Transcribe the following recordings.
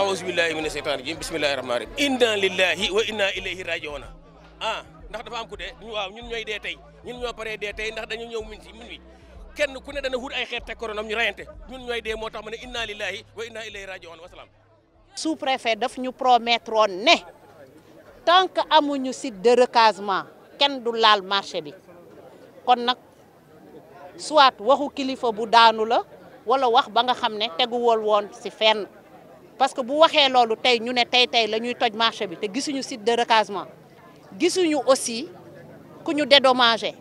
aouzu billahi mina seytaani rajim bismillahi rahmaani rahim inna lillahi wa inna ilayhi rajiuna ah ndax dafa am ku de waaw ñun ñooy dee tey ñun ñoo paree dee tey ndax dañu ñëw min si min wi kenn ku ne dana wut ay xeet teg koronam ñu rayante ñun ñooy de moo tax ma ne inna lillahi wa inna ilayhi rajiuna wasalaam sous préfet daf ñu promettre woon ne tant que amuñu site de recasement kenn du laal marché bi kon nag soit waxu kilifa bu daanu la wala wax ba nga xam ne teguwul woon parce que bu waxee loolu tey ñu ne tey tey la ñuy toj marché bi te gisuñu si de recasement gisuñu aussi ku ñu dédommagé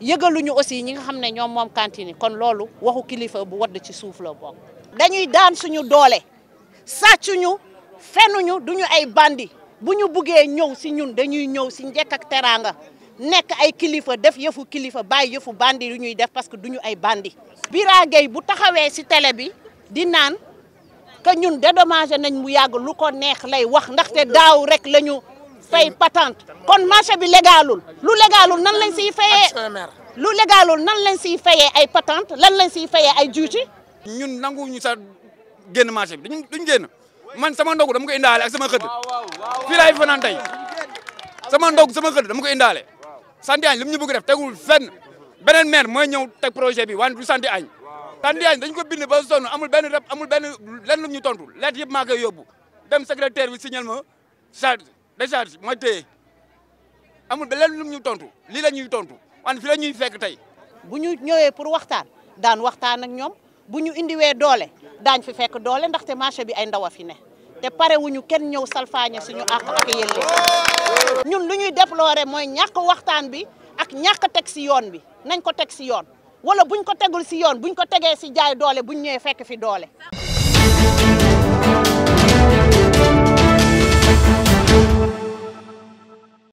yëgaluñu aussi ñi nga xam ne ñoom moom cantine kon loolu waxu kilifa bu wadd ci suuf la bokk. dañuy daan suñu doole sàccuñu fenuñu duñu ay bandi bu ñu buggee ñëw si ñun dañuy ñëw si njekk ak teraanga nekk ay kilifa def yëfu kilifa bàyyi yëfu bandi yu ñuy def parce que du ñu ay bandi. Bira Gueye bu taxawee si tele bi di naan. que ñun dédommagé nañ mu yàgg lu ko neex lay wax ndaxte daaw rek la ñu fay patente kon marché bi légalul lu légalul nan lañ siy fayee lu légalul nan lañ siy fayee ay patente lan lañ siy fayee ay juuti ñun nanguwuñu sa génn marché bi duñ duñ génn man sama ndogu dama ko indaale ak sama xëdd fii laay fanaan tey sama ndog sama xëdd dama ko indaale Santy Agne li mu ñu bëgg def tegul fenn beneen maire mooy ñëw teg projet bi wan du Santy añ tandiyaañ dañ ko bind ba sonn amul benn rep amul benn lenn lu ñu tontu lettre yëpp maa koy yóbbu dem secrétaire bi signal ma charge décharge ma téye amul lenn lu ñu tontu lii la ñuy tontu wan fi ñuy fekk tey bu ñu ñëwee pour waxtaan daan waxtaan ak ñoom bu ñu indiwee doole daañ fi fekk doole ndaxte marché bi ay ndaw a fi ne te pare ñu kenn ñëw salfaañe suñu àq ak yelle ñun lu ñuy déplorer mooy ñàkk waxtaan bi ak ñàkk teg si yoon bi nañ ko teg si yoon wala buñ ko tegul si yoon buñ ko tegee si jaay doole buñ ñëwee fekk fi doole